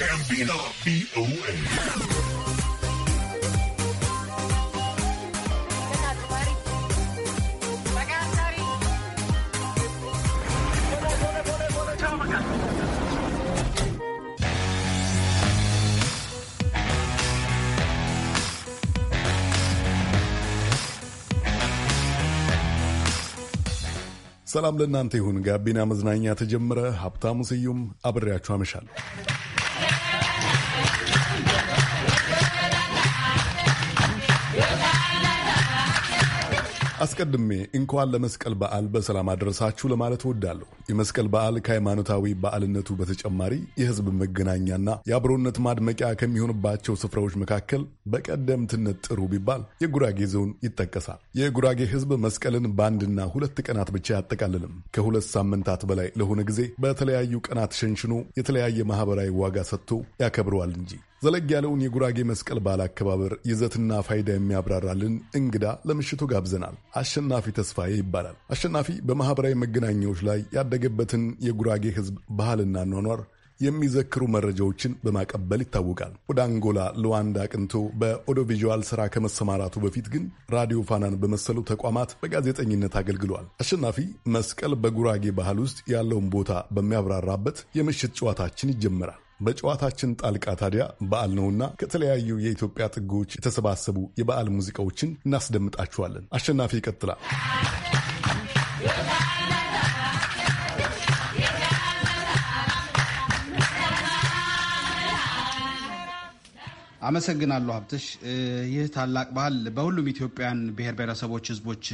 ጋቢና ቪኦኤ ሰላም ለእናንተ ይሁን። ጋቢና መዝናኛ ተጀመረ። ሀብታሙ ስዩም አብሬያችሁ አመሻለሁ። አስቀድሜ እንኳን ለመስቀል በዓል በሰላም አደረሳችሁ ለማለት እወዳለሁ። የመስቀል በዓል ከሃይማኖታዊ በዓልነቱ በተጨማሪ የሕዝብ መገናኛና የአብሮነት ማድመቂያ ከሚሆንባቸው ስፍራዎች መካከል በቀደምትነት ጥሩ ቢባል የጉራጌ ዞን ይጠቀሳል። የጉራጌ ሕዝብ መስቀልን በአንድና ሁለት ቀናት ብቻ አያጠቃልልም። ከሁለት ሳምንታት በላይ ለሆነ ጊዜ በተለያዩ ቀናት ሸንሽኖ የተለያየ ማህበራዊ ዋጋ ሰጥቶ ያከብረዋል እንጂ ዘለግ ያለውን የጉራጌ መስቀል በዓል አከባበር ይዘትና ፋይዳ የሚያብራራልን እንግዳ ለምሽቱ ጋብዘናል። አሸናፊ ተስፋዬ ይባላል። አሸናፊ በማኅበራዊ መገናኛዎች ላይ ያደገበትን የጉራጌ ሕዝብ ባህልና ኗኗር የሚዘክሩ መረጃዎችን በማቀበል ይታወቃል። ወደ አንጎላ ሉዋንዳ አቅንቶ በኦዲዮቪዥዋል ስራ ከመሰማራቱ በፊት ግን ራዲዮ ፋናን በመሰሉ ተቋማት በጋዜጠኝነት አገልግሏል። አሸናፊ መስቀል በጉራጌ ባህል ውስጥ ያለውን ቦታ በሚያብራራበት የምሽት ጨዋታችን ይጀምራል። በጨዋታችን ጣልቃ ታዲያ በዓል ነውና ከተለያዩ የኢትዮጵያ ጥጎች የተሰባሰቡ የበዓል ሙዚቃዎችን እናስደምጣችኋለን። አሸናፊ ይቀጥላል። አመሰግናለሁ ሀብትሽ። ይህ ታላቅ ባህል በሁሉም ኢትዮጵያን ብሔር ብሔረሰቦች፣ ህዝቦች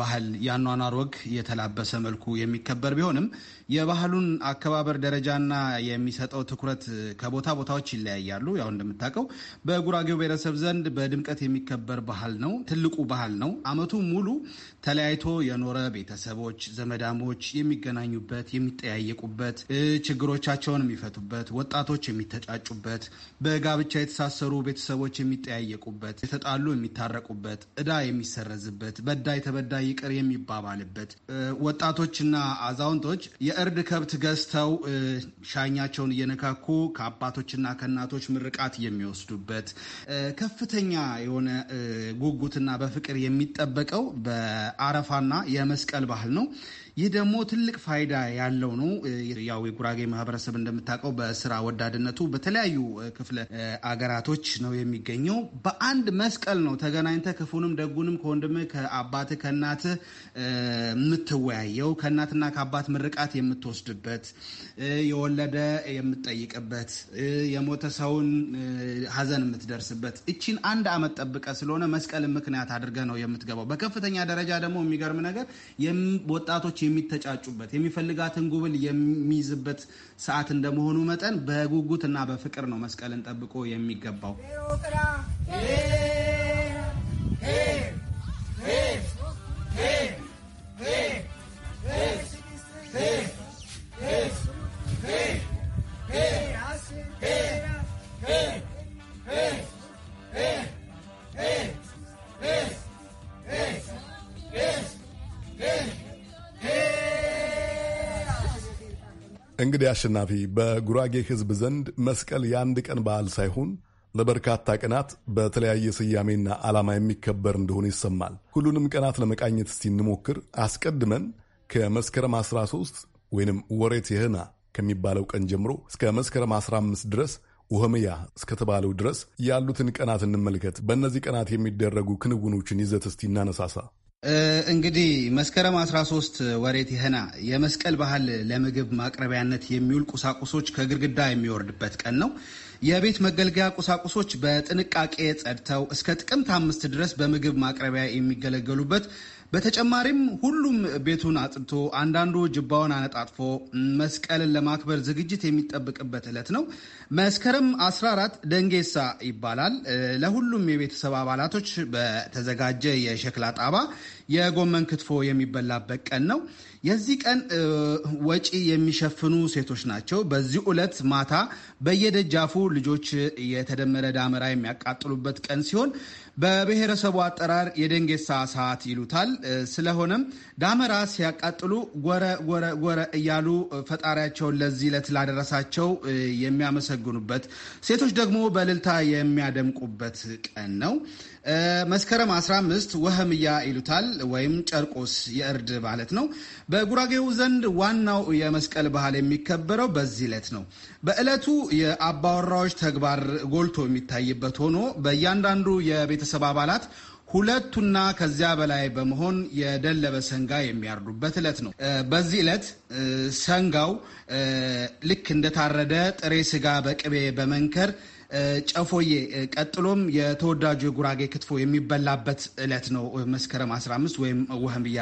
ባህል ያኗኗር ወግ የተላበሰ መልኩ የሚከበር ቢሆንም የባህሉን አከባበር ደረጃና የሚሰጠው ትኩረት ከቦታ ቦታዎች ይለያያሉ። ያው እንደምታውቀው በጉራጌው ብሔረሰብ ዘንድ በድምቀት የሚከበር ባህል ነው። ትልቁ ባህል ነው። አመቱ ሙሉ ተለያይቶ የኖረ ቤተሰቦች፣ ዘመዳሞች የሚገናኙበት፣ የሚጠያየቁበት፣ ችግሮቻቸውን የሚፈቱበት፣ ወጣቶች የሚተጫጩበት በጋብቻ የተሳሰሩ ቤተሰቦች የሚጠያየቁበት፣ የተጣሉ የሚታረቁበት፣ እዳ የሚሰረዝበት፣ በዳይ ተበዳይ ይቅር የሚባባልበት፣ ወጣቶችና አዛውንቶች የእርድ ከብት ገዝተው ሻኛቸውን እየነካኩ ከአባቶችና ከእናቶች ምርቃት የሚወስዱበት ከፍተኛ የሆነ ጉጉትና በፍቅር የሚጠበቀው በአረፋና የመስቀል ባህል ነው። ይህ ደግሞ ትልቅ ፋይዳ ያለው ነው። ያው የጉራጌ ማህበረሰብ እንደምታውቀው በስራ ወዳድነቱ በተለያዩ ክፍለ አገራቶች ነው የሚገኘው። በአንድ መስቀል ነው ተገናኝተ ክፉንም ደጉንም ከወንድም ከአባት ከእናት የምትወያየው፣ ከእናትና ከአባት ምርቃት የምትወስድበት፣ የወለደ የምትጠይቅበት፣ የሞተ ሰውን ሀዘን የምትደርስበት እቺን አንድ አመት ጠብቀ ስለሆነ መስቀል ምክንያት አድርገ ነው የምትገባው። በከፍተኛ ደረጃ ደግሞ የሚገርም ነገር ወጣቶች የሚተጫጩበት የሚፈልጋትን ጉብል የሚይዝበት ሰዓት እንደመሆኑ መጠን በጉጉት እና በፍቅር ነው መስቀልን ጠብቆ የሚገባው። Hey! እንግዲህ አሸናፊ፣ በጉራጌ ህዝብ ዘንድ መስቀል የአንድ ቀን በዓል ሳይሆን ለበርካታ ቀናት በተለያየ ስያሜና ዓላማ የሚከበር እንደሆነ ይሰማል። ሁሉንም ቀናት ለመቃኘት እስቲ እንሞክር። አስቀድመን ከመስከረም 13 ወይንም ወሬት የህና ከሚባለው ቀን ጀምሮ እስከ መስከረም 15 ድረስ ውህምያ እስከተባለው ድረስ ያሉትን ቀናት እንመልከት። በእነዚህ ቀናት የሚደረጉ ክንውኖችን ይዘት እስቲ እናነሳሳ። እንግዲህ መስከረም 13 ወሬት ይህና የመስቀል ባህል ለምግብ ማቅረቢያነት የሚውል ቁሳቁሶች ከግድግዳ የሚወርድበት ቀን ነው። የቤት መገልገያ ቁሳቁሶች በጥንቃቄ ጸድተው እስከ ጥቅምት አምስት ድረስ በምግብ ማቅረቢያ የሚገለገሉበት በተጨማሪም ሁሉም ቤቱን አጽድቶ አንዳንዱ ጅባውን አነጣጥፎ መስቀልን ለማክበር ዝግጅት የሚጠብቅበት ዕለት ነው። መስከረም 14 ደንጌሳ ይባላል። ለሁሉም የቤተሰብ አባላቶች በተዘጋጀ የሸክላ ጣባ የጎመን ክትፎ የሚበላበት ቀን ነው። የዚህ ቀን ወጪ የሚሸፍኑ ሴቶች ናቸው። በዚህ ዕለት ማታ በየደጃፉ ልጆች የተደመረ ዳመራ የሚያቃጥሉበት ቀን ሲሆን በብሔረሰቡ አጠራር የደንጌሳ ሰዓት ይሉታል። ስለሆነም ዳመራ ሲያቃጥሉ ጎረ ጎረ ጎረ እያሉ ፈጣሪያቸውን ለዚህ ዕለት ላደረሳቸው የሚያመሰግኑበት፣ ሴቶች ደግሞ በልልታ የሚያደምቁበት ቀን ነው። መስከረም 15 ወህምያ ይሉታል ወይም ጨርቆስ የእርድ ማለት ነው። በጉራጌው ዘንድ ዋናው የመስቀል ባህል የሚከበረው በዚህ ዕለት ነው። በዕለቱ የአባወራዎች ተግባር ጎልቶ የሚታይበት ሆኖ በእያንዳንዱ የቤተሰብ አባላት ሁለቱና ከዚያ በላይ በመሆን የደለበ ሰንጋ የሚያርዱበት ዕለት ነው። በዚህ ዕለት ሰንጋው ልክ እንደታረደ ጥሬ ስጋ በቅቤ በመንከር ጨፎዬ ቀጥሎም የተወዳጁ የጉራጌ ክትፎ የሚበላበት እለት ነው መስከረም 15 ወይም ወህምያ።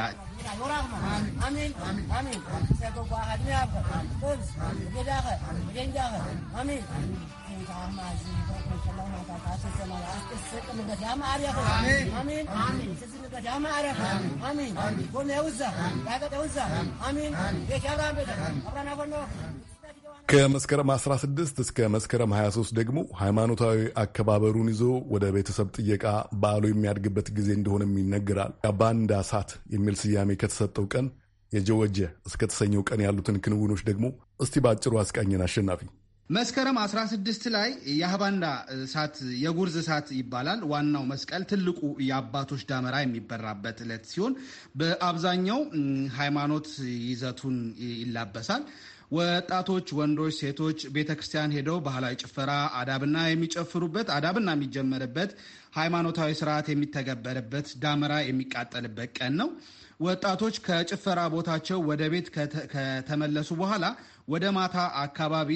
ከመስከረም 16 እስከ መስከረም 23 ደግሞ ሃይማኖታዊ አከባበሩን ይዞ ወደ ቤተሰብ ጥየቃ በዓሉ የሚያድግበት ጊዜ እንደሆነም ይነገራል። ባንዳ ሳት የሚል ስያሜ ከተሰጠው ቀን የጀወጀ እስከተሰኘው ቀን ያሉትን ክንውኖች ደግሞ እስቲ በአጭሩ አስቃኘን አሸናፊ። መስከረም 16 ላይ የአህባንዳ እሳት የጉርዝ እሳት ይባላል። ዋናው መስቀል ትልቁ የአባቶች ዳመራ የሚበራበት ዕለት ሲሆን በአብዛኛው ሃይማኖት ይዘቱን ይላበሳል። ወጣቶች፣ ወንዶች፣ ሴቶች ቤተ ክርስቲያን ሄደው ባህላዊ ጭፈራ አዳብና የሚጨፍሩበት አዳብና የሚጀመርበት ሃይማኖታዊ ስርዓት የሚተገበርበት ዳመራ የሚቃጠልበት ቀን ነው። ወጣቶች ከጭፈራ ቦታቸው ወደ ቤት ከተመለሱ በኋላ ወደ ማታ አካባቢ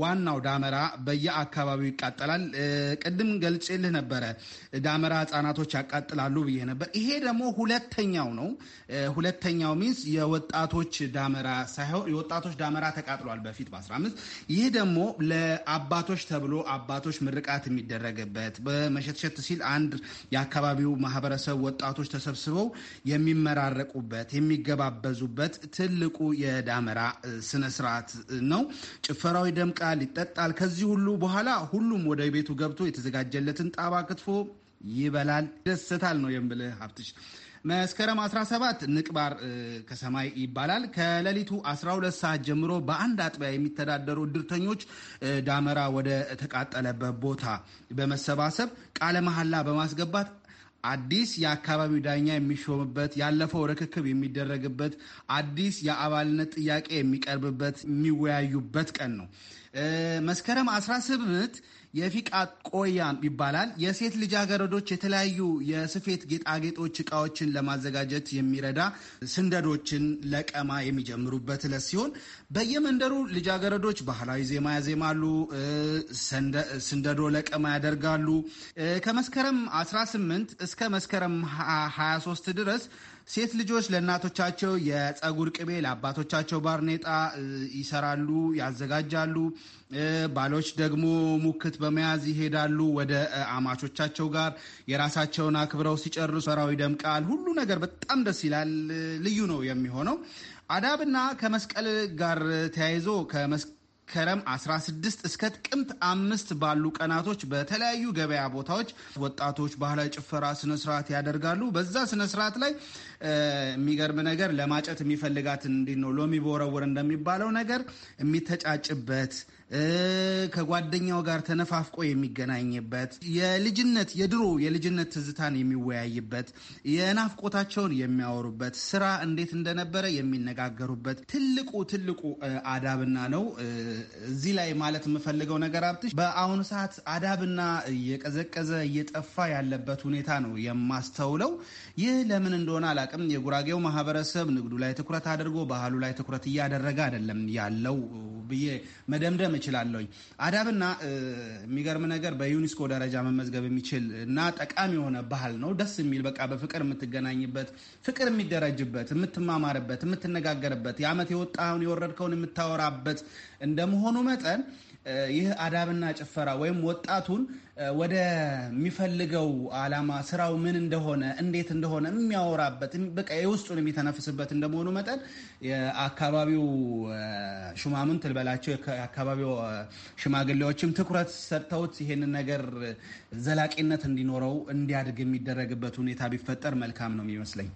ዋናው ዳመራ በየአካባቢው ይቃጠላል። ቅድም ገልጬልህ ነበረ ዳመራ ህጻናቶች ያቃጥላሉ ብዬ ነበር። ይሄ ደግሞ ሁለተኛው ነው። ሁለተኛው ሚንስ የወጣቶች ዳመራ ሳይሆን የወጣቶች ዳመራ ተቃጥሏል በፊት በ15 ይህ ደግሞ ለአባቶች ተብሎ አባቶች ምርቃት የሚደረግበት በመሸትሸት ሲል አንድ የአካባቢው ማህበረሰብ ወጣቶች ተሰብስበው የሚመራረቁበት የሚገባበዙበት ትልቁ የዳመራ ስነ ስርዓት ነው። ጭፈራው ይደምቃል፣ ይጠጣል። ከዚህ ሁሉ በኋላ ሁሉም ወደ ቤቱ ገብቶ የተዘጋጀለትን ጣባ ክትፎ ይበላል፣ ይደሰታል ነው የምልህ ሀብትሽ። መስከረም 17 ንቅባር ከሰማይ ይባላል። ከሌሊቱ 12 ሰዓት ጀምሮ በአንድ አጥቢያ የሚተዳደሩ እድርተኞች ዳመራ ወደ ተቃጠለበት ቦታ በመሰባሰብ ቃለ መሐላ በማስገባት አዲስ የአካባቢው ዳኛ የሚሾምበት፣ ያለፈው ርክክብ የሚደረግበት፣ አዲስ የአባልነት ጥያቄ የሚቀርብበት፣ የሚወያዩበት ቀን ነው። መስከረም 18 የፊቃ ቆያ ይባላል። የሴት ልጃገረዶች የተለያዩ የስፌት ጌጣጌጦች እቃዎችን ለማዘጋጀት የሚረዳ ስንደዶችን ለቀማ የሚጀምሩበት ዕለት ሲሆን በየመንደሩ ልጃገረዶች ባህላዊ ዜማ ያዜማሉ፣ ስንደዶ ለቀማ ያደርጋሉ። ከመስከረም 18 እስከ መስከረም 23 ድረስ ሴት ልጆች ለእናቶቻቸው የጸጉር ቅቤ፣ ለአባቶቻቸው ባርኔጣ ይሰራሉ፣ ያዘጋጃሉ። ባሎች ደግሞ ሙክት በመያዝ ይሄዳሉ ወደ አማቾቻቸው ጋር የራሳቸውን አክብረው ሲጨርሱ ሰራው ይደምቃል። ሁሉ ነገር በጣም ደስ ይላል። ልዩ ነው የሚሆነው አዳብና ከመስቀል ጋር ተያይዞ ከረም 16 እስከ ጥቅምት አምስት ባሉ ቀናቶች በተለያዩ ገበያ ቦታዎች ወጣቶች ባህላዊ ጭፈራ ስነስርዓት ያደርጋሉ። በዛ ስነስርዓት ላይ የሚገርም ነገር ለማጨት የሚፈልጋትን እንዲ ነው ሎሚ በወረወር እንደሚባለው ነገር የሚተጫጭበት ከጓደኛው ጋር ተነፋፍቆ የሚገናኝበት የልጅነት የድሮ የልጅነት ትዝታን የሚወያይበት የናፍቆታቸውን የሚያወሩበት ስራ እንዴት እንደነበረ የሚነጋገሩበት ትልቁ ትልቁ አዳብና ነው። እዚህ ላይ ማለት የምፈልገው ነገር አብትሽ በአሁኑ ሰዓት አዳብና እየቀዘቀዘ እየጠፋ ያለበት ሁኔታ ነው የማስተውለው። ይህ ለምን እንደሆነ አላቅም። የጉራጌው ማህበረሰብ ንግዱ ላይ ትኩረት አድርጎ ባህሉ ላይ ትኩረት እያደረገ አይደለም ያለው ብዬ መደምደም መጠቀም እችላለሁኝ። አዳብና የሚገርም ነገር በዩኒስኮ ደረጃ መመዝገብ የሚችል እና ጠቃሚ የሆነ ባህል ነው። ደስ የሚል በቃ በፍቅር የምትገናኝበት፣ ፍቅር የሚደረጅበት፣ የምትማማርበት፣ የምትነጋገርበት፣ የአመት የወጣውን የወረድከውን የምታወራበት እንደመሆኑ መጠን ይህ አዳብና ጭፈራ ወይም ወጣቱን ወደሚፈልገው አላማ ስራው ምን እንደሆነ እንዴት እንደሆነ የሚያወራበት በቃ የውስጡን የሚተነፍስበት እንደመሆኑ መጠን የአካባቢው ሹማምን ትልበላቸው የአካባቢው ሽማግሌዎችም ትኩረት ሰጥተውት ይሄንን ነገር ዘላቂነት እንዲኖረው እንዲያድግ የሚደረግበት ሁኔታ ቢፈጠር መልካም ነው የሚመስለኝ።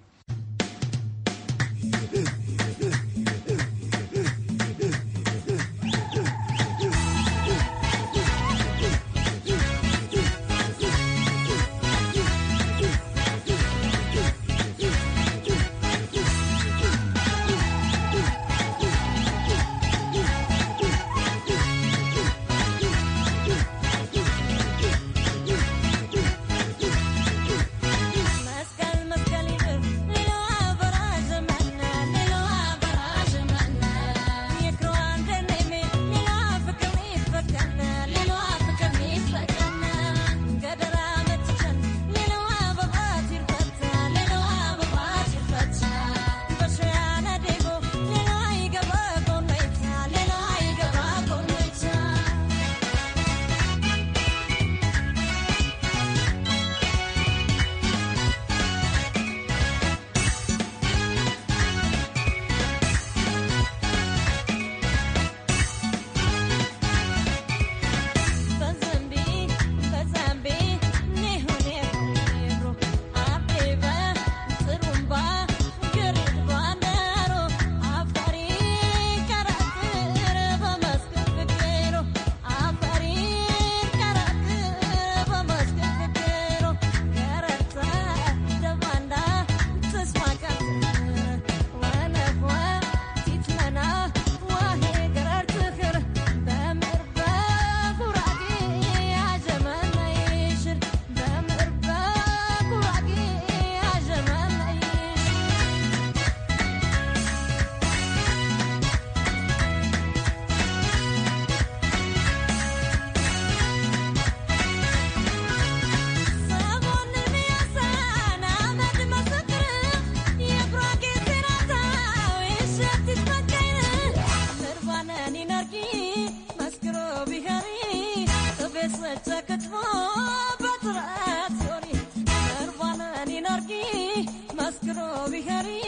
وبهري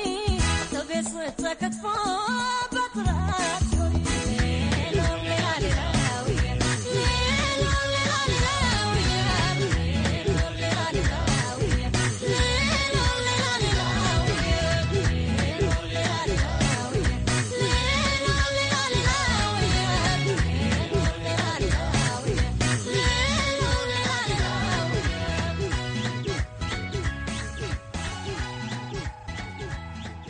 تبي سويتك تفوت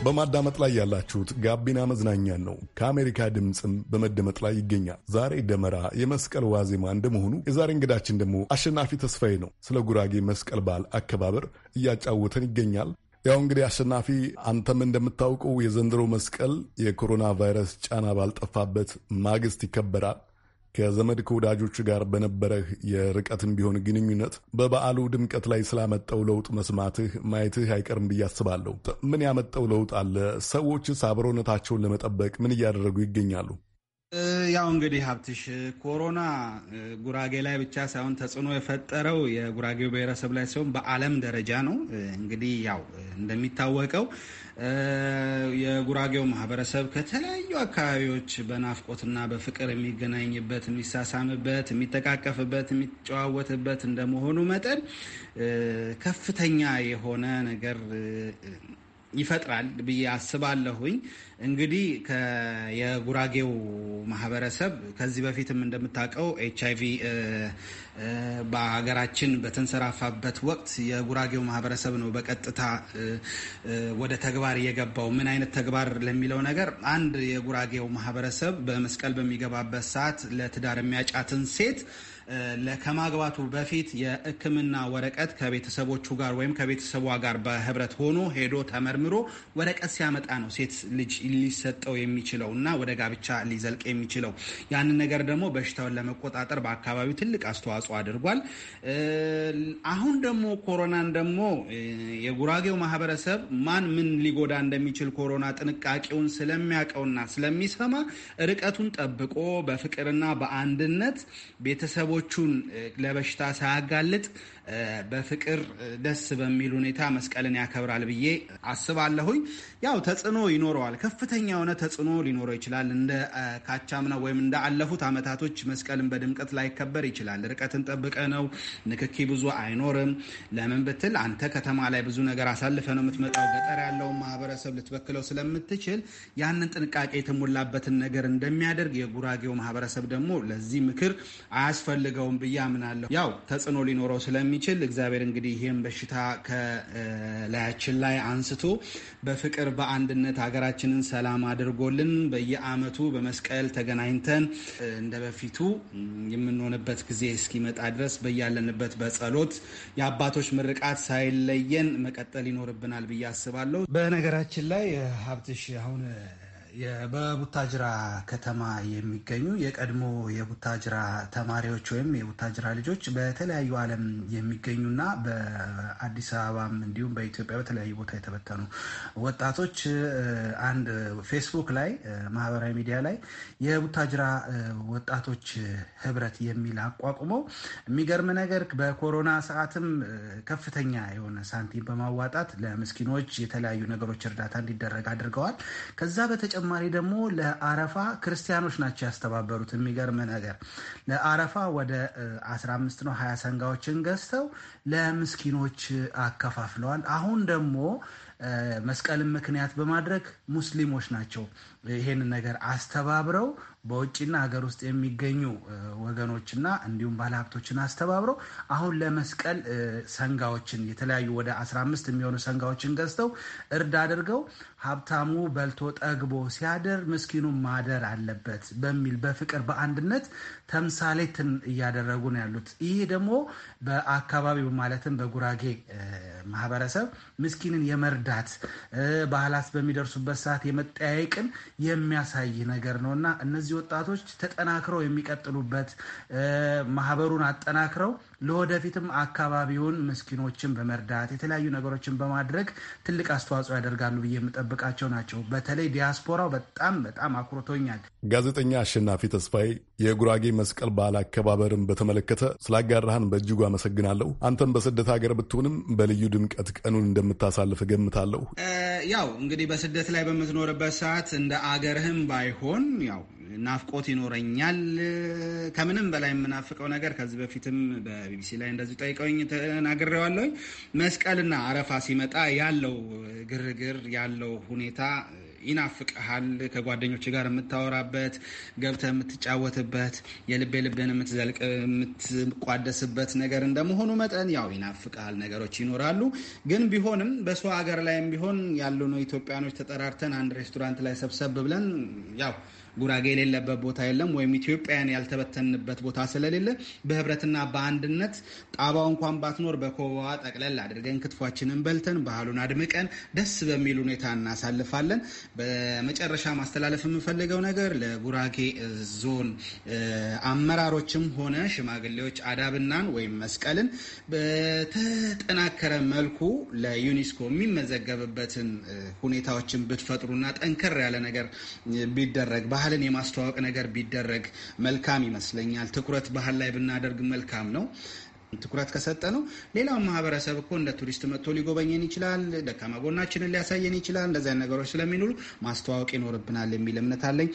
በማዳመጥ ላይ ያላችሁት ጋቢና መዝናኛን ነው። ከአሜሪካ ድምፅም በመደመጥ ላይ ይገኛል። ዛሬ ደመራ የመስቀል ዋዜማ እንደመሆኑ የዛሬ እንግዳችን ደግሞ አሸናፊ ተስፋዬ ነው። ስለ ጉራጌ መስቀል በዓል አከባበር እያጫወተን ይገኛል። ያው እንግዲህ አሸናፊ፣ አንተም እንደምታውቀው የዘንድሮ መስቀል የኮሮና ቫይረስ ጫና ባልጠፋበት ማግስት ይከበራል። ከዘመድ ከወዳጆች ጋር በነበረህ የርቀትም ቢሆን ግንኙነት በበዓሉ ድምቀት ላይ ስላመጣው ለውጥ መስማትህ ማየትህ አይቀርም ብዬ አስባለሁ። ምን ያመጣው ለውጥ አለ? ሰዎችስ አብሮነታቸውን ለመጠበቅ ምን እያደረጉ ይገኛሉ? ያው እንግዲህ ሀብትሽ ኮሮና ጉራጌ ላይ ብቻ ሳይሆን ተጽዕኖ የፈጠረው የጉራጌው ብሔረሰብ ላይ ሲሆን በዓለም ደረጃ ነው። እንግዲህ ያው እንደሚታወቀው የጉራጌው ማህበረሰብ ከተለያዩ አካባቢዎች በናፍቆትና በፍቅር የሚገናኝበት፣ የሚሳሳምበት፣ የሚጠቃቀፍበት፣ የሚጨዋወትበት እንደመሆኑ መጠን ከፍተኛ የሆነ ነገር ይፈጥራል ብዬ አስባለሁኝ። እንግዲህ የጉራጌው ማህበረሰብ ከዚህ በፊትም እንደምታውቀው ኤች አይ ቪ በሀገራችን በተንሰራፋበት ወቅት የጉራጌው ማህበረሰብ ነው በቀጥታ ወደ ተግባር የገባው። ምን አይነት ተግባር ለሚለው ነገር አንድ የጉራጌው ማህበረሰብ በመስቀል በሚገባበት ሰዓት ለትዳር የሚያጫትን ሴት ከማግባቱ በፊት የሕክምና ወረቀት ከቤተሰቦቹ ጋር ወይም ከቤተሰቧ ጋር በህብረት ሆኖ ሄዶ ተመርምሮ ወረቀት ሲያመጣ ነው ሴት ልጅ ሊሰጠው የሚችለው እና ወደ ጋብቻ ሊዘልቅ የሚችለው። ያንን ነገር ደግሞ በሽታውን ለመቆጣጠር በአካባቢው ትልቅ አስተዋጽኦ አድርጓል። አሁን ደግሞ ኮሮናን ደግሞ የጉራጌው ማህበረሰብ ማን ምን ሊጎዳ እንደሚችል ኮሮና ጥንቃቄውን ስለሚያውቀውና ስለሚሰማ ርቀቱን ጠብቆ በፍቅርና በአንድነት ቤተሰቡ ቤተሰቦቹን ለበሽታ ሳያጋልጥ በፍቅር ደስ በሚል ሁኔታ መስቀልን ያከብራል ብዬ አስባለሁኝ። ያው ተጽዕኖ ይኖረዋል፣ ከፍተኛ የሆነ ተጽዕኖ ሊኖረው ይችላል። እንደ ካቻምና ወይም እንደ አለፉት አመታቶች መስቀልን በድምቀት ላይከበር ይችላል። ርቀትን ጠብቀ ነው፣ ንክኪ ብዙ አይኖርም። ለምን ብትል አንተ ከተማ ላይ ብዙ ነገር አሳልፈ ነው የምትመጣው። ገጠር ያለውን ማህበረሰብ ልትበክለው ስለምትችል ያንን ጥንቃቄ የተሞላበትን ነገር እንደሚያደርግ የጉራጌው ማህበረሰብ ደግሞ ለዚህ ምክር አያስፈልገውም ብዬ አምናለሁ። ያው ተጽዕኖ ሊኖረው ስለሚ ስለሚችል እግዚአብሔር እንግዲህ ይህም በሽታ ከላያችን ላይ አንስቶ በፍቅር በአንድነት ሀገራችንን ሰላም አድርጎልን በየአመቱ በመስቀል ተገናኝተን እንደ በፊቱ የምንሆንበት ጊዜ እስኪመጣ ድረስ በያለንበት በጸሎት የአባቶች ምርቃት ሳይለየን መቀጠል ይኖርብናል ብዬ አስባለሁ። በነገራችን ላይ ሀብትሽ አሁን በቡታጅራ ከተማ የሚገኙ የቀድሞ የቡታጅራ ተማሪዎች ወይም የቡታጅራ ልጆች በተለያዩ ዓለም የሚገኙና በአዲስ አበባም እንዲሁም በኢትዮጵያ በተለያዩ ቦታ የተበተኑ ወጣቶች አንድ ፌስቡክ ላይ ማህበራዊ ሚዲያ ላይ የቡታጅራ ወጣቶች ህብረት የሚል አቋቁመው የሚገርም ነገር በኮሮና ሰዓትም ከፍተኛ የሆነ ሳንቲም በማዋጣት ለምስኪኖች የተለያዩ ነገሮች እርዳታ እንዲደረግ አድርገዋል። ከዛ በተጨ በተጨማሪ ደግሞ ለአረፋ ክርስቲያኖች ናቸው ያስተባበሩት። የሚገርም ነገር ለአረፋ ወደ 15 ነው ሀያ ሰንጋዎችን ገዝተው ለምስኪኖች አከፋፍለዋል። አሁን ደግሞ መስቀልን ምክንያት በማድረግ ሙስሊሞች ናቸው ይሄንን ነገር አስተባብረው በውጭና ሀገር ውስጥ የሚገኙ ወገኖችና እንዲሁም ባለሀብቶችን አስተባብረው አሁን ለመስቀል ሰንጋዎችን የተለያዩ ወደ 15 የሚሆኑ ሰንጋዎችን ገዝተው እርድ አድርገው ሀብታሙ በልቶ ጠግቦ ሲያደር ምስኪኑ ማደር አለበት በሚል በፍቅር በአንድነት ተምሳሌትን እያደረጉ ነው ያሉት። ይህ ደግሞ በአካባቢው ማለትም በጉራጌ ማህበረሰብ ምስኪንን የመርዳት ባህላት በሚደርሱበት ሰዓት የመጠያየቅን የሚያሳይ ነገር ነው እና እነዚህ ወጣቶች ተጠናክረው የሚቀጥሉበት ማህበሩን አጠናክረው ለወደፊትም አካባቢውን ምስኪኖችን በመርዳት የተለያዩ ነገሮችን በማድረግ ትልቅ አስተዋጽኦ ያደርጋሉ ብዬ የምጠብቃቸው ናቸው። በተለይ ዲያስፖራው በጣም በጣም አኩርቶኛል። ጋዜጠኛ አሸናፊ ተስፋዬ የጉራጌ መስቀል በዓል አከባበርን በተመለከተ ስላጋራህን በእጅጉ አመሰግናለሁ። አንተም በስደት ሀገር ብትሆንም በልዩ ድምቀት ቀኑን እንደምታሳልፍ እገምታለሁ። ያው እንግዲህ በስደት ላይ በምትኖርበት ሰዓት እንደ አገርህም ባይሆን ያው ናፍቆት ይኖረኛል። ከምንም በላይ የምናፍቀው ነገር ከዚህ በፊትም በቢቢሲ ላይ እንደዚሁ ጠይቀውኝ ተናግሬዋለሁ። መስቀልና አረፋ ሲመጣ ያለው ግርግር ያለው ሁኔታ ይናፍቅሃል። ከጓደኞች ጋር የምታወራበት ገብተ የምትጫወትበት የልቤ ልብን የምትዘልቅ የምትቋደስበት ነገር እንደመሆኑ መጠን ያው ይናፍቅሃል። ነገሮች ይኖራሉ። ግን ቢሆንም በሰው ሀገር ላይም ቢሆን ያሉ ኢትዮጵያኖች ተጠራርተን አንድ ሬስቶራንት ላይ ሰብሰብ ብለን ያው ጉራጌ የሌለበት ቦታ የለም፣ ወይም ኢትዮጵያን ያልተበተንበት ቦታ ስለሌለ በህብረትና በአንድነት ጣባው እንኳን ባትኖር በኮባዋ ጠቅለል አድርገን ክትፏችንን በልተን ባህሉን አድምቀን ደስ በሚል ሁኔታ እናሳልፋለን። በመጨረሻ ማስተላለፍ የምፈልገው ነገር ለጉራጌ ዞን አመራሮችም ሆነ ሽማግሌዎች አዳብናን ወይም መስቀልን በተጠናከረ መልኩ ለዩኒስኮ የሚመዘገብበትን ሁኔታዎችን ብትፈጥሩና ጠንከር ያለ ነገር ቢደረግ ባህልን የማስተዋወቅ ነገር ቢደረግ መልካም ይመስለኛል። ትኩረት ባህል ላይ ብናደርግ መልካም ነው። ትኩረት ከሰጠ ነው። ሌላውን ማህበረሰብ እኮ እንደ ቱሪስት መጥቶ ሊጎበኘን ይችላል። ደካማ ጎናችንን ሊያሳየን ይችላል። እንደዚያ ነገሮች ስለሚኖሩ ማስተዋወቅ ይኖርብናል የሚል እምነት አለኝ።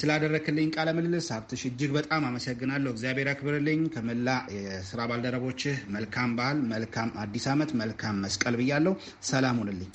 ስላደረክልኝ ቃለ ምልልስ ሀብትሽ እጅግ በጣም አመሰግናለሁ። እግዚአብሔር አክብርልኝ ከመላ የስራ ባልደረቦችህ መልካም በዓል፣ መልካም አዲስ ዓመት፣ መልካም መስቀል ብያለሁ። ሰላም ሁንልኝ።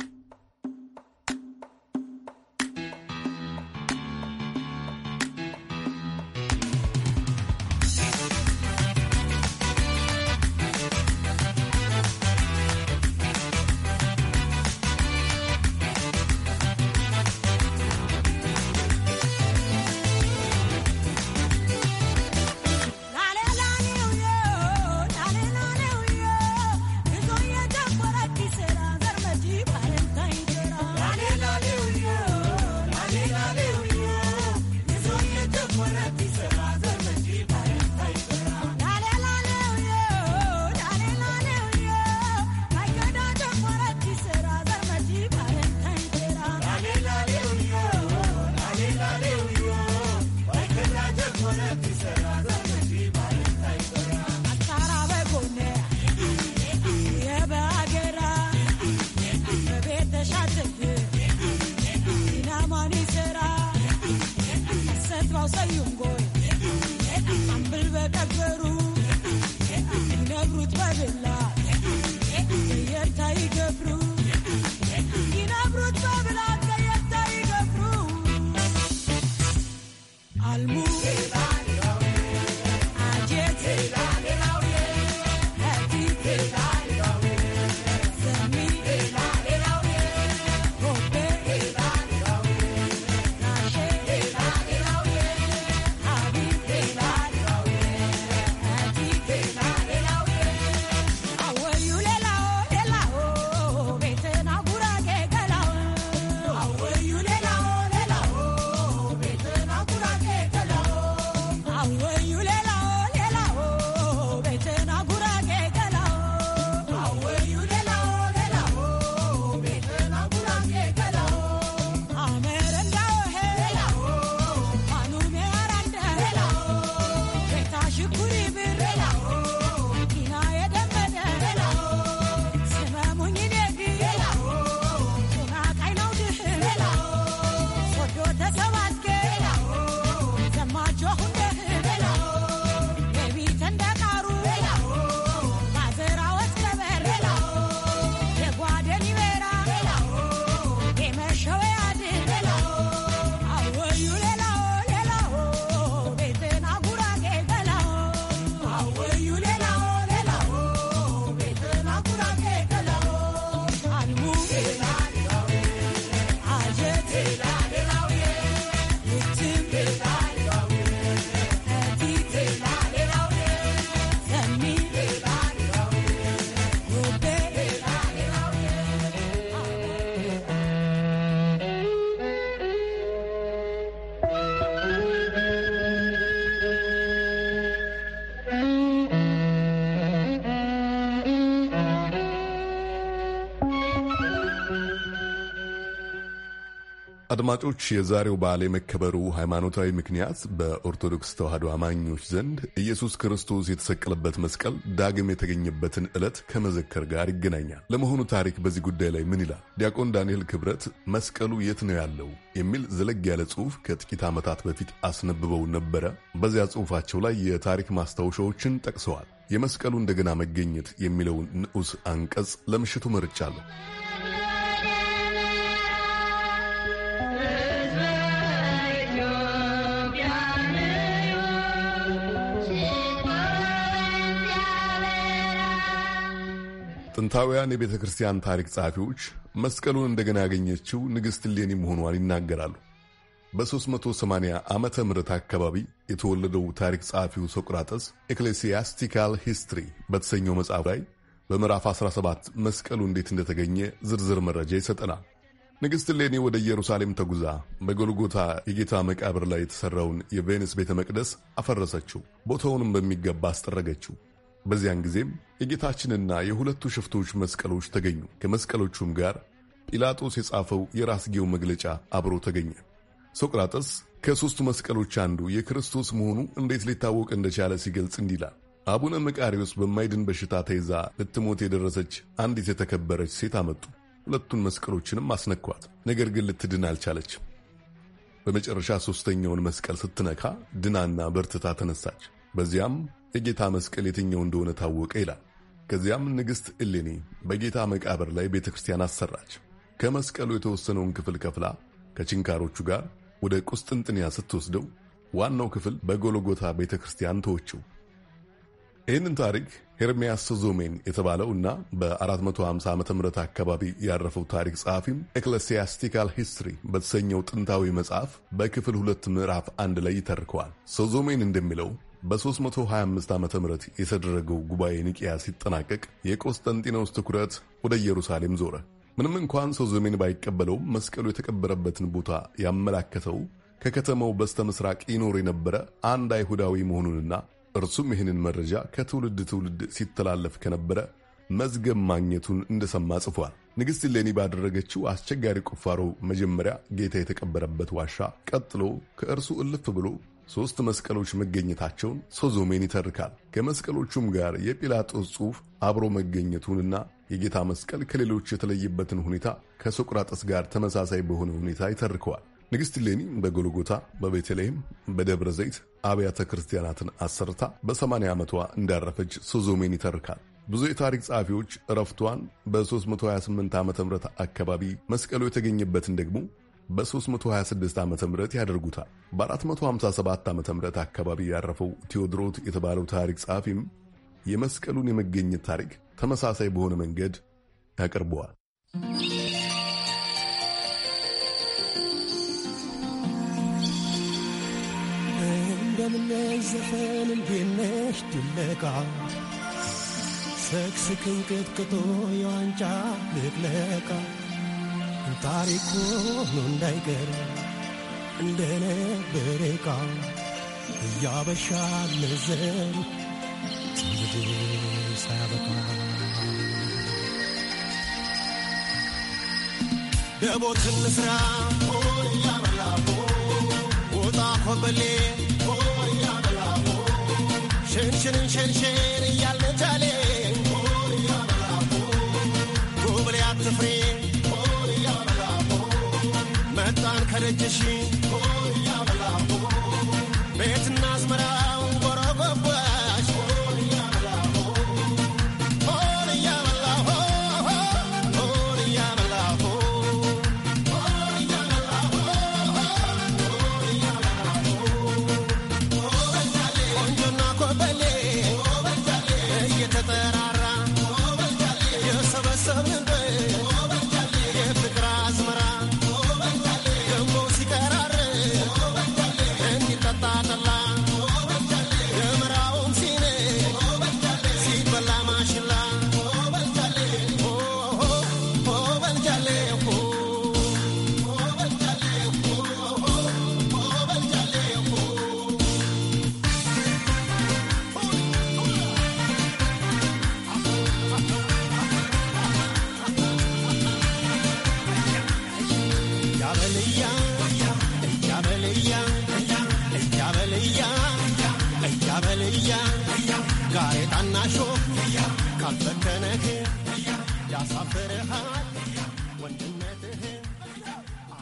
አድማጮች የዛሬው በዓል የመከበሩ ሃይማኖታዊ ምክንያት በኦርቶዶክስ ተዋሕዶ አማኞች ዘንድ ኢየሱስ ክርስቶስ የተሰቀለበት መስቀል ዳግም የተገኘበትን ዕለት ከመዘከር ጋር ይገናኛል። ለመሆኑ ታሪክ በዚህ ጉዳይ ላይ ምን ይላል? ዲያቆን ዳንኤል ክብረት መስቀሉ የት ነው ያለው የሚል ዘለግ ያለ ጽሑፍ ከጥቂት ዓመታት በፊት አስነብበው ነበረ። በዚያ ጽሑፋቸው ላይ የታሪክ ማስታወሻዎችን ጠቅሰዋል። የመስቀሉ እንደገና መገኘት የሚለውን ንዑስ አንቀጽ ለምሽቱ መርጫለሁ። ጥንታውያን የቤተ ክርስቲያን ታሪክ ጸሐፊዎች መስቀሉን እንደገና ያገኘችው ንግሥት ሌኒ መሆኗን ይናገራሉ። በ380 ዓመተ ምህረት አካባቢ የተወለደው ታሪክ ጸሐፊው ሶቅራጠስ ኤክሌሲያስቲካል ሂስትሪ በተሰኘው መጽሐፍ ላይ በምዕራፍ 17 መስቀሉ እንዴት እንደተገኘ ዝርዝር መረጃ ይሰጠናል። ንግሥት ሌኒ ወደ ኢየሩሳሌም ተጉዛ በጎልጎታ የጌታ መቃብር ላይ የተሠራውን የቬኒስ ቤተ መቅደስ አፈረሰችው፣ ቦታውንም በሚገባ አስጠረገችው። በዚያን ጊዜም የጌታችንና የሁለቱ ሽፍቶች መስቀሎች ተገኙ። ከመስቀሎቹም ጋር ጲላጦስ የጻፈው የራስጌው መግለጫ አብሮ ተገኘ። ሶቅራጠስ ከሦስቱ መስቀሎች አንዱ የክርስቶስ መሆኑ እንዴት ሊታወቅ እንደቻለ ሲገልጽ እንዲላል አቡነ መቃሪዎስ በማይድን በሽታ ተይዛ ልትሞት የደረሰች አንዲት የተከበረች ሴት አመጡ። ሁለቱን መስቀሎችንም አስነኳት። ነገር ግን ልትድን አልቻለችም። በመጨረሻ ሦስተኛውን መስቀል ስትነካ ድናና በርትታ ተነሳች። በዚያም የጌታ መስቀል የትኛው እንደሆነ ታወቀ ይላል። ከዚያም ንግሥት እሌኒ በጌታ መቃብር ላይ ቤተ ክርስቲያን አሰራች። ከመስቀሉ የተወሰነውን ክፍል ከፍላ ከችንካሮቹ ጋር ወደ ቁስጥንጥንያ ስትወስደው ዋናው ክፍል በጎልጎታ ቤተ ክርስቲያን ተወችው። ይህንን ታሪክ ሄርሚያስ ዞሜን የተባለው እና በ450 ዓ ም አካባቢ ያረፈው ታሪክ ጸሐፊም ኤክለሲያስቲካል ሂስትሪ በተሰኘው ጥንታዊ መጽሐፍ በክፍል ሁለት ምዕራፍ አንድ ላይ ይተርከዋል። ሶዞሜን እንደሚለው በ325 ዓ ም የተደረገው ጉባኤ ኒቅያ ሲጠናቀቅ የቆስጠንጢኖስ ትኩረት ወደ ኢየሩሳሌም ዞረ። ምንም እንኳን ሰው ዘሜን ባይቀበለውም መስቀሉ የተቀበረበትን ቦታ ያመላከተው ከከተማው በስተ ምስራቅ ይኖር የነበረ አንድ አይሁዳዊ መሆኑንና እርሱም ይህንን መረጃ ከትውልድ ትውልድ ሲተላለፍ ከነበረ መዝገብ ማግኘቱን እንደሰማ ጽፏል። ንግሥት ሌኒ ባደረገችው አስቸጋሪ ቁፋሮ መጀመሪያ ጌታ የተቀበረበት ዋሻ፣ ቀጥሎ ከእርሱ እልፍ ብሎ ሦስት መስቀሎች መገኘታቸውን ሶዞሜን ይተርካል። ከመስቀሎቹም ጋር የጲላጦስ ጽሑፍ አብሮ መገኘቱንና የጌታ መስቀል ከሌሎች የተለየበትን ሁኔታ ከሶቅራጠስ ጋር ተመሳሳይ በሆነ ሁኔታ ይተርከዋል። ንግሥት ሌኒ በጎልጎታ፣ በቤተልሔም፣ በደብረ ዘይት አብያተ ክርስቲያናትን አሰርታ በ80 ዓመቷ እንዳረፈች ሶዞሜን ይተርካል። ብዙ የታሪክ ጸሐፊዎች እረፍቷን በ328 ዓ ም አካባቢ መስቀሉ የተገኘበትን ደግሞ በ326 ዓ ም ያደርጉታል። በ457 ዓ ም አካባቢ ያረፈው ቴዎድሮት የተባለው ታሪክ ጸሐፊም የመስቀሉን የመገኘት ታሪክ ተመሳሳይ በሆነ መንገድ ያቀርበዋል። እንደምነዘፈን እንዴነሽ ድለቃ ሰክስክን ቅጥቅጦ የዋንጫ ልቅለቃ ታሪኩ ሆኖ እንዳይቀር እንደነበረ ዕቃ እያበሻ ለዘሩ ትውልድ ሳያበቃ ደቦት እንስራ ወጣ ኮበሌ ሸንሽንን ሸንሽን እያልነጃሌ ጎብሌ አትፍሬ ከደጅሽ ቤትና አዝመራ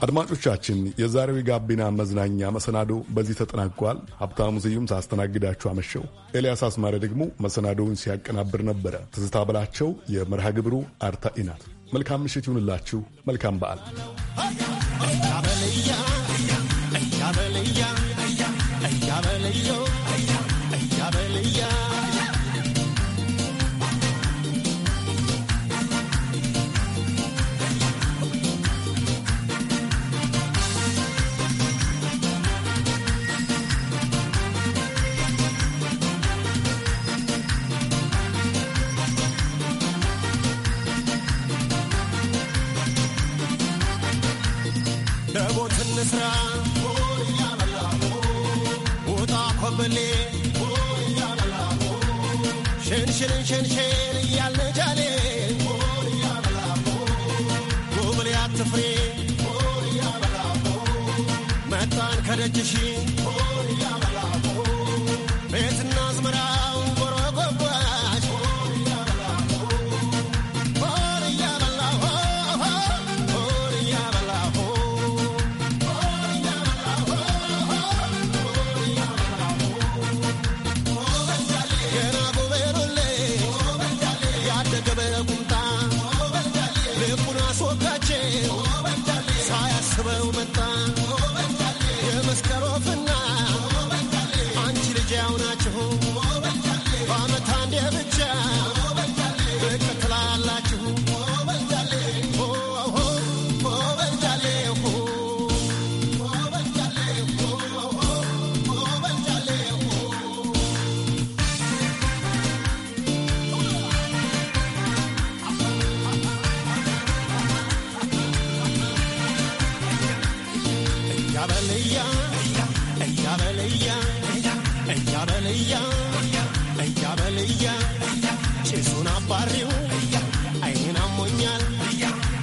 አድማጮቻችን፣ የዛሬው የጋቢና መዝናኛ መሰናዶ በዚህ ተጠናቋል። ሀብታሙ ስዩም ሳስተናግዳችሁ አመሸው። ኤልያስ አስማሪ ደግሞ መሰናዶውን ሲያቀናብር ነበረ። ትዝታ ብላቸው የመርሃ ግብሩ አርታኢ ናት። መልካም ምሽት ይሁንላችሁ። መልካም በዓል። ለስራ ውጣ ኮበሌ ሸንሽንን ሸንሽን እያለ ጃሌ ጉብሌ አትፍሬ መጣን ከደጅሽ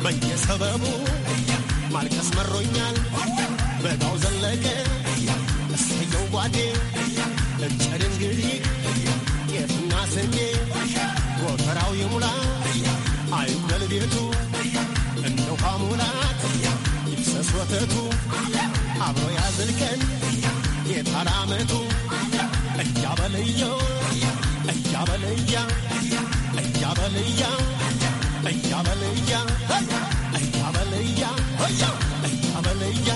በየሰበቡ ማልቀስ በጋው ዘለቀ እሰየው ጓዴ እንጨድ እንግዲህ ጤፍና ስንዴ ጎተራው ይሙላ አይበል ቤቱ እንደ ውሃ ሙላት ይፍሰስ አብሮ ያዝልቀን የታራመቱ እያ በለያ እያ በለያ እያ በለያ እያ በለያ እያ